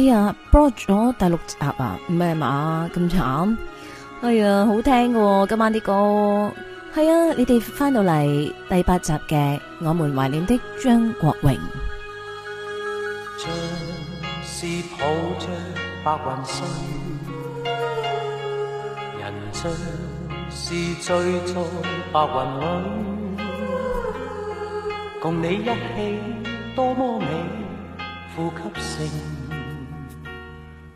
哎呀，播咗第六集啊，咩嘛咁慘？哎呀，好聽嘅，今晚啲歌係啊，你哋返到嚟，第八集嘅《我們懷念的張國榮》。像是抱着白雲睡，人像是醉在白雲裏，共你一起多麼美，呼吸聲。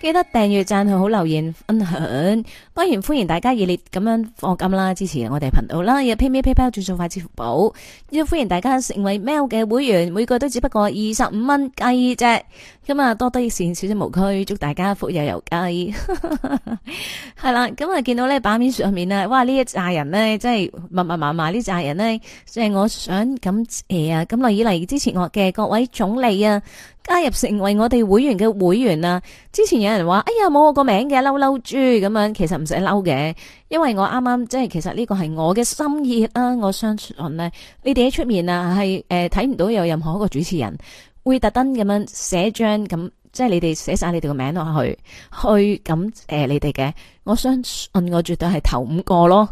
記得訂閱、贊好、留言、分享，當然歡迎大家熱烈咁樣放金啦，支持我哋頻道啦，有 pay 咩 pay 包，轉數快，支付寶，又歡迎大家成為 mail 嘅會員，每個都只不過二十五蚊雞啫，咁啊多多益善，少少無拘，祝大家福有攸歸，係 啦，咁啊見到呢版面上面啊，哇呢一紮人呢，真係密密麻麻呢扎人呢，即係我想感謝啊，咁耐以嚟支持我嘅各位總理啊！加入成為我哋會員嘅會員啦！之前有人話，哎呀冇我個名嘅，嬲嬲豬咁樣，其實唔使嬲嘅，因為我啱啱即係其實呢個係我嘅心意啦！我相信咧，你哋喺出面啊係誒睇唔到有任何一個主持人會特登咁樣寫張咁，即係你哋寫晒你哋個名落去，去咁誒你哋嘅，我相信我絕對係頭五個咯。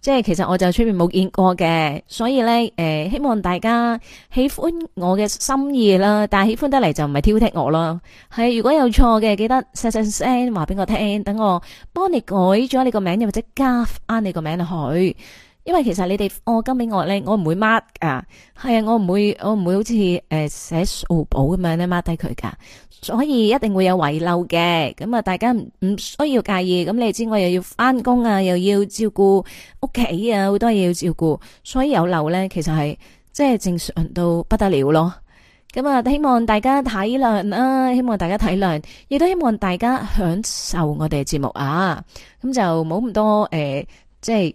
即係其實我就出面冇見過嘅，所以咧誒、呃，希望大家喜歡我嘅心意啦，但係喜歡得嚟就唔係挑剔我咯。係如果有錯嘅，記得細細聲話俾我聽，等我幫你改咗你個名，又或者加返你個名去。因為其實你哋，哦，我今俾我咧，我唔會 mark 啊，係啊，我唔會我唔會好似誒，呃，寫數簿咁樣咧 mark 低佢噶，所以一定會有遺漏嘅。咁啊，大家唔唔需要介意。咁你知我又要翻工啊，又要照顧屋企啊，好多嘢要照顧，所以有漏咧，其實係即係正常到不得了咯。咁啊，希望大家體諒啊，希望大家體諒，亦都希望大家享受我哋嘅節目啊。咁就冇咁多誒，呃，即係。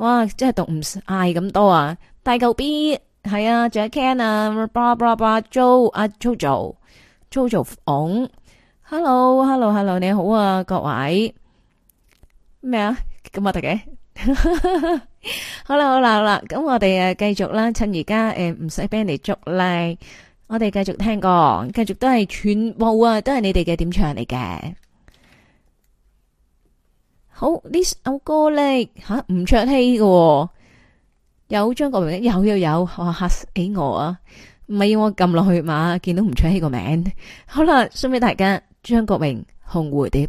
哇！真係讀唔晒咁多啊！大嚿 B 係啊，仲有 Ken 啊，blah blah blah，Joe 阿 Joe Joe Joe Joe，Hello Hello Hello，你好啊，各位咩啊？咁我哋嘅好啦好啦好啦，咁我哋誒繼續啦，趁而家誒唔使俾人哋捉嚟，我哋繼續聽歌，繼續都係全部啊，都係你哋嘅點唱嚟嘅。好，呢首歌咧吓吳卓羲嘅，有張國榮，有又有吓吓死我啊！唔係要我撳落去嘛，見到吳卓羲個名，好啦，送俾大家張國榮紅蝴蝶。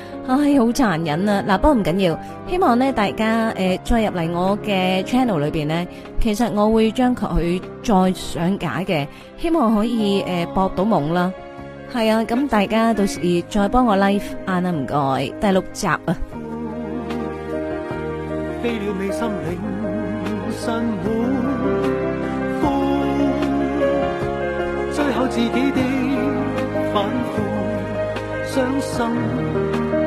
唉，好殘、哎、忍啊！嗱，不過唔緊要緊，希望咧大家誒、呃、再入嚟我嘅 channel 裏邊咧，其實我會將佢再上架嘅，希望可以誒搏、呃、到夢啦。係啊，咁大家到時再幫我 live、啊、啦，唔該。第六集啊。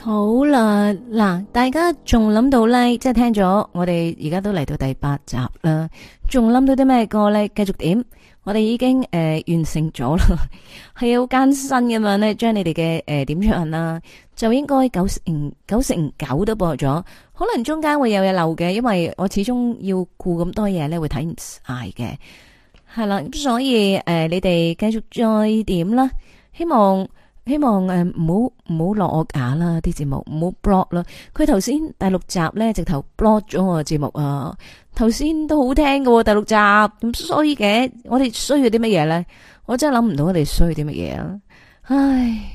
好啦，嗱，大家仲諗到咧，即係聽咗我哋而家都嚟到第八集啦，仲諗到啲咩歌咧？繼續點？我哋已經誒、呃、完成咗啦，係 好艱辛咁、呃、樣咧，將你哋嘅誒點樣啦，就應該九成九成九都播咗，可能中間會有嘢漏嘅，因為我始終要顧咁多嘢咧，會睇唔晒嘅，係啦，所以誒、呃、你哋繼續再點啦、啊，希望。希望誒唔好唔好落我架啦，啲節目唔好 block 啦。佢頭先第六集咧，直頭 block 咗我節目啊。頭先都好聽噶，第六集咁衰嘅，我哋衰咗啲乜嘢咧？我真係諗唔到我哋衰啲乜嘢啊！唉。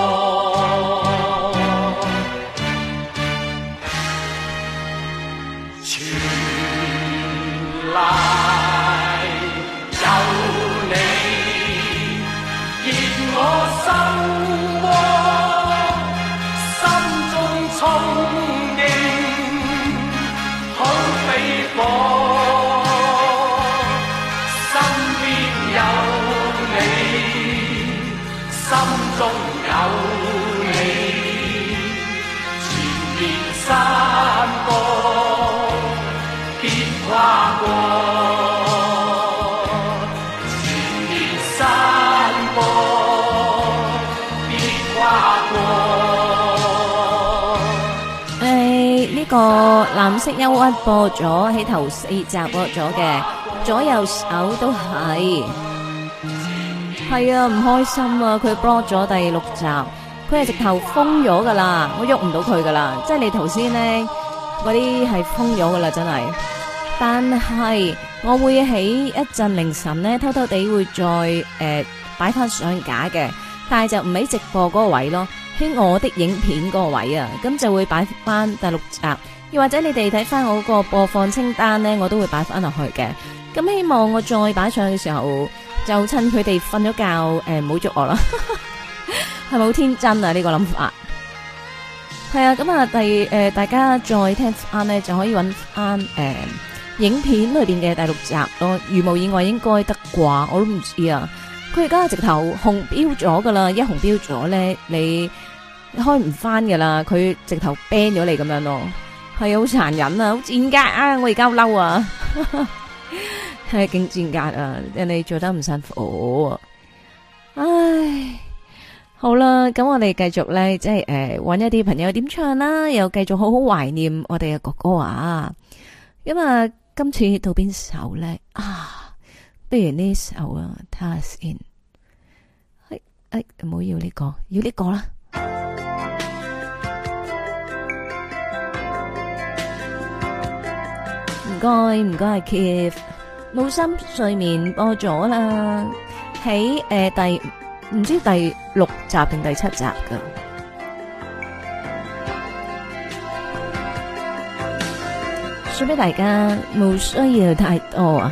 個藍色憂鬱播咗喺頭四集播咗嘅，左右手都係，係啊唔開心啊，佢播咗第六集，佢係直頭封咗噶啦，我喐唔到佢噶啦，即係你頭先咧嗰啲係封咗噶啦，真係。但係我會喺一陣凌晨咧偷偷地會再誒擺翻上架嘅，但係就唔喺直播嗰個位咯，喺我的影片嗰個位啊，咁就會擺翻第六集。又或者你哋睇翻我個播放清單咧，我都會擺翻落去嘅。咁希望我再擺上去嘅時候，就趁佢哋瞓咗覺，誒、呃，唔好捉我啦。係咪好天真啊？呢、這個諗法係 啊。咁啊，第、呃、誒，大家再聽啱咧，就可以搵翻誒影片裏邊嘅第六集囉。如無意外應該得啩，我都唔知啊。佢而家直頭紅標咗噶啦，一紅標咗咧，你開唔翻噶啦，佢直頭 ban 咗你咁樣咯。係啊，好殘、哎、忍啊，好賤格啊！我而家好嬲啊，係勁賤格啊！人哋做得唔辛苦、啊，唉，好啦，咁我哋繼續咧，即係誒，搵、呃、一啲朋友點唱啦，又繼續好好懷念我哋嘅哥哥啊！咁啊，今次到邊首咧啊？不如呢首啊，Toss In，係唔好要呢、呢個，要呢個啦。唔該，唔該係 Keith 冇心睡眠，播咗啦，喺誒第唔知第六集定第七集噶，送畀大家冇需要太多啊。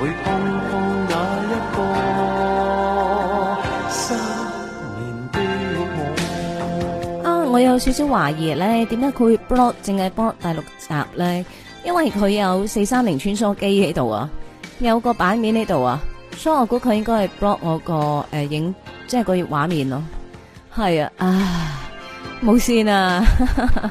的一個年一啊！我有少少懷疑咧，點解佢 block 淨係 block 第六集咧？因為佢有四三零穿梭機喺度啊，有個版面喺度啊，所以我估佢應該係 block 我個、啊拍就係、個誒影，即係個畫面咯。係啊，啊冇線啊！哈哈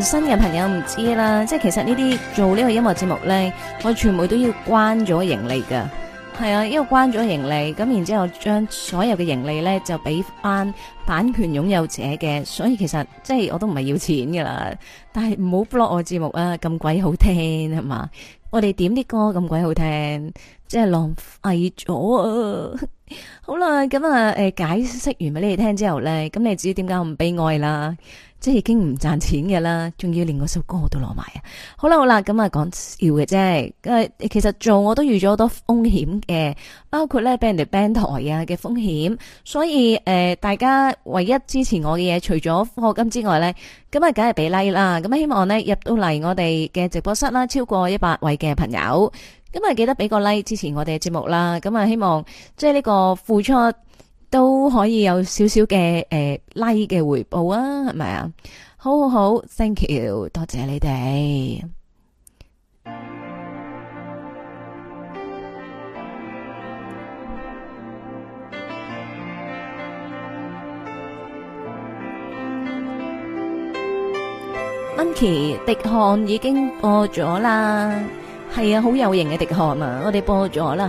新嘅朋友唔知啦，即係其實呢啲做呢個音樂節目呢，我全部都要關咗盈利噶，係啊，因為關咗盈利，咁然之後將所有嘅盈利呢，就俾翻版權擁有者嘅，所以其實即係我都唔係要錢噶啦，但係唔好 block 我節目啊，咁鬼好聽係嘛？我哋點啲歌咁鬼好聽，即係浪費咗啊，好啦，咁啊誒，解釋完俾你哋聽之後呢，咁你知點解我唔悲哀啦？即係已經唔賺錢嘅啦，仲要連嗰首歌我都攞埋啊！好啦好啦，咁啊講笑嘅啫，其實做我都預咗好多風險嘅，包括咧俾人哋 ban 台啊嘅風險。所以誒、呃，大家唯一支持我嘅嘢，除咗課金之外咧，咁啊梗係俾 like 啦。咁希望咧入到嚟我哋嘅直播室啦，超過一百位嘅朋友，咁啊記得俾個 like 支持我哋嘅節目啦。咁啊希望即係呢個付出，都可以有少少嘅誒利嘅回報啊，係咪啊？好好好，Thank you，多謝你哋。Monkey，滴汗已經播咗啦，係啊，好有型嘅滴汗啊，我哋播咗啦。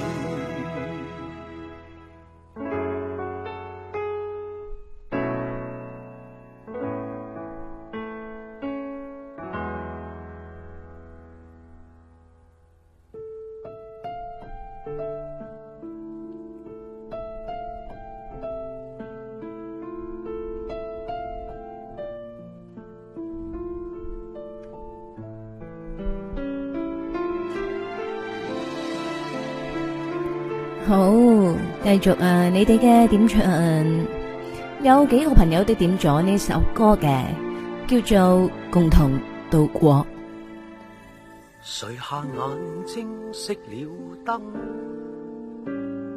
繼續啊！你哋嘅點唱，有幾個朋友都點咗呢首歌嘅，叫做《共同渡過》。垂下眼睛，熄了燈，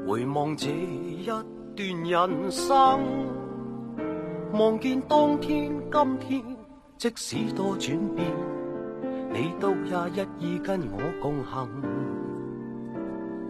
回望這一段人生，望見當天，今天，即使多轉變，你都也一意跟我共行。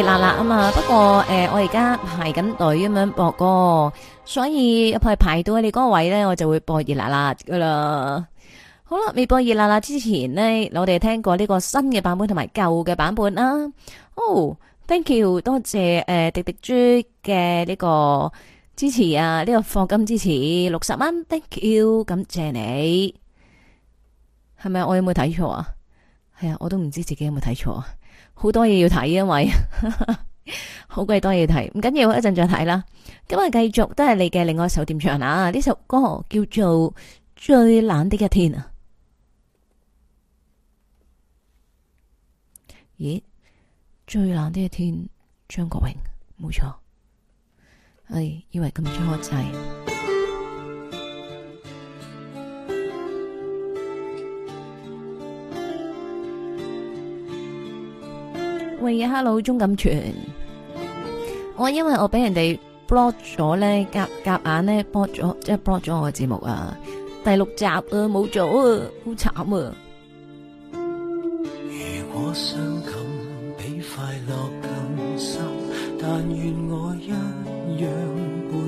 熱辣辣啊嘛，不過誒，我而家排緊隊咁樣播歌，所以一排到你嗰個位咧，我就會播熱辣辣噶啦。好、嗯、啦，未播熱辣辣之前呢，我哋聽過呢個新嘅版本同埋舊嘅版本啦。哦、oh，thank you，多謝誒、呃，滴滴豬嘅呢個支持啊，呢、這個課金支持六十蚊，thank you，感謝你。係咪我有冇睇錯啊？係、哎、啊，我都唔知自己有冇睇錯啊。好多嘢要睇，因為好鬼多嘢睇，唔緊要，一陣再睇啦。今日繼續都係你嘅另外一首點唱啊，呢首歌叫做《最冷的一天》啊。咦，《最冷的一天》張榮，張國榮，冇錯。哎，以為咁張國仔。喂，Hello，鍾錦全，我、oh, 因為我俾人哋 block 咗咧，夾夾硬咧，block 咗，即係 block 咗我嘅節目啊，第六集啊，冇咗啊，好慘啊！如果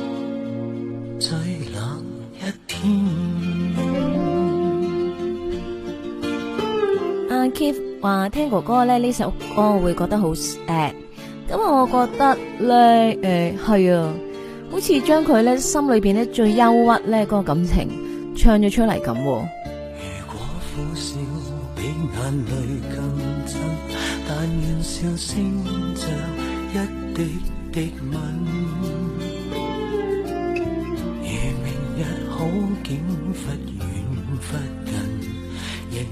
話聽哥哥咧呢這首歌我會覺得好 sad。咁啊我覺得咧誒係啊，好似將佢咧心裏邊咧最憂鬱咧個感情唱咗出嚟咁。如果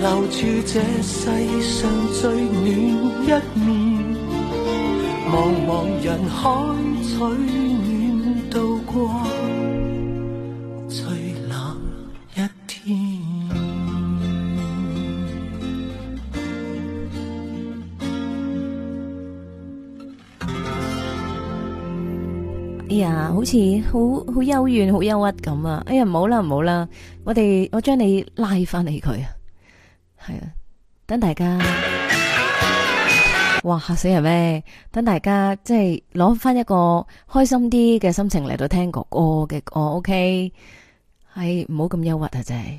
留住這世上最暖一面茫茫人海，取暖度過最冷一天。哎呀好似好好幽怨，好憂鬱咁啊。哎呀唔好啦唔好啦。我哋我將你拉返嚟佢。係啊，等大家， 哇，吓死人咩？等大家即係攞翻一個開心啲嘅心情嚟到聽哥哥嘅歌，OK，係唔好咁憂鬱啊，真係。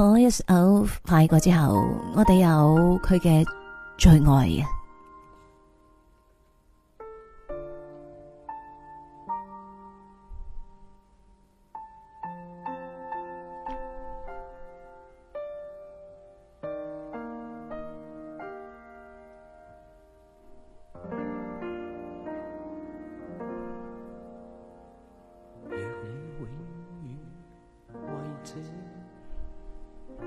我一首快歌之後，我哋有佢嘅最愛啊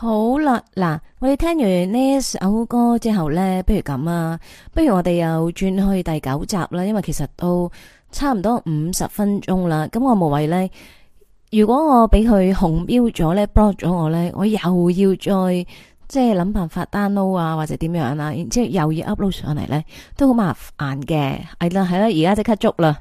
好啦，嗱，我哋聽完呢一首歌之後咧，不如咁啊，不如我哋又轉去第九集啦，因為其實都差唔多五十分鐘啦。咁我無謂咧，如果我俾佢紅標咗咧，block 咗我咧，我又要再即係諗辦法 download 啊，或者點樣啊，然之後又要 upload 上嚟咧，都好麻煩嘅。係啦，係啦，而家即刻捉啦。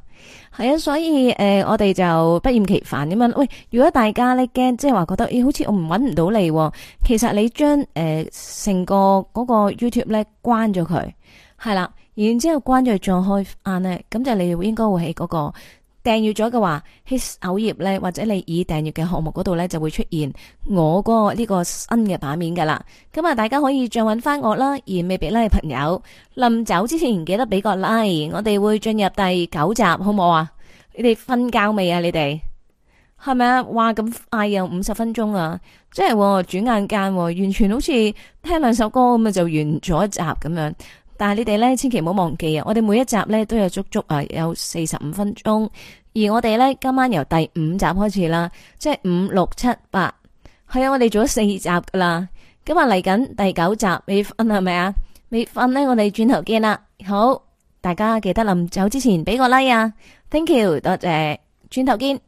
係啊，所以誒，我哋就不厭其煩咁樣喂。如果大家咧，驚，即係話覺得，咦，好似我唔揾唔到你。其實你將誒成個嗰個 YouTube 咧關咗佢，係啦，然之後關咗再開翻咧，咁就你應該會喺嗰個。訂閱咗嘅話，首頁咧或者你已訂閱嘅項目嗰度咧就會出現我個呢個新嘅版面噶啦。咁啊，大家可以再搵翻我啦，而未俾 like 嘅朋友，臨走之前記得俾個 like。我哋會進入第九集，好唔好啊？你哋瞓覺未啊？你哋係咪啊？哇，咁快又五十分鐘啊！即係、哦、轉眼間，完全好似聽兩首歌咁啊，就完咗一集咁樣。但係你哋咧，千祈唔好忘記啊！我哋每一集咧都有足足啊有四十五分鐘，而我哋咧今晚由第五集開始啦，即係五六七八，係啊，我哋做咗四集噶啦，今日嚟緊第九集，未瞓係咪啊？未瞓咧，我哋轉頭見啦，好，大家記得臨走之前俾個 like 啊，Thank you，多謝，轉頭見。